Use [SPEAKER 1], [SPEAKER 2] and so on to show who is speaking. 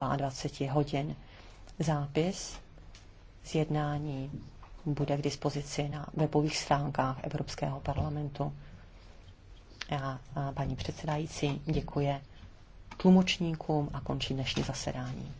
[SPEAKER 1] 22 hodin. Zápis z jednání bude k dispozici na webových stránkách Evropského parlamentu. Já, paní předsedající, děkuje tlumočníkům a končí dnešní zasedání.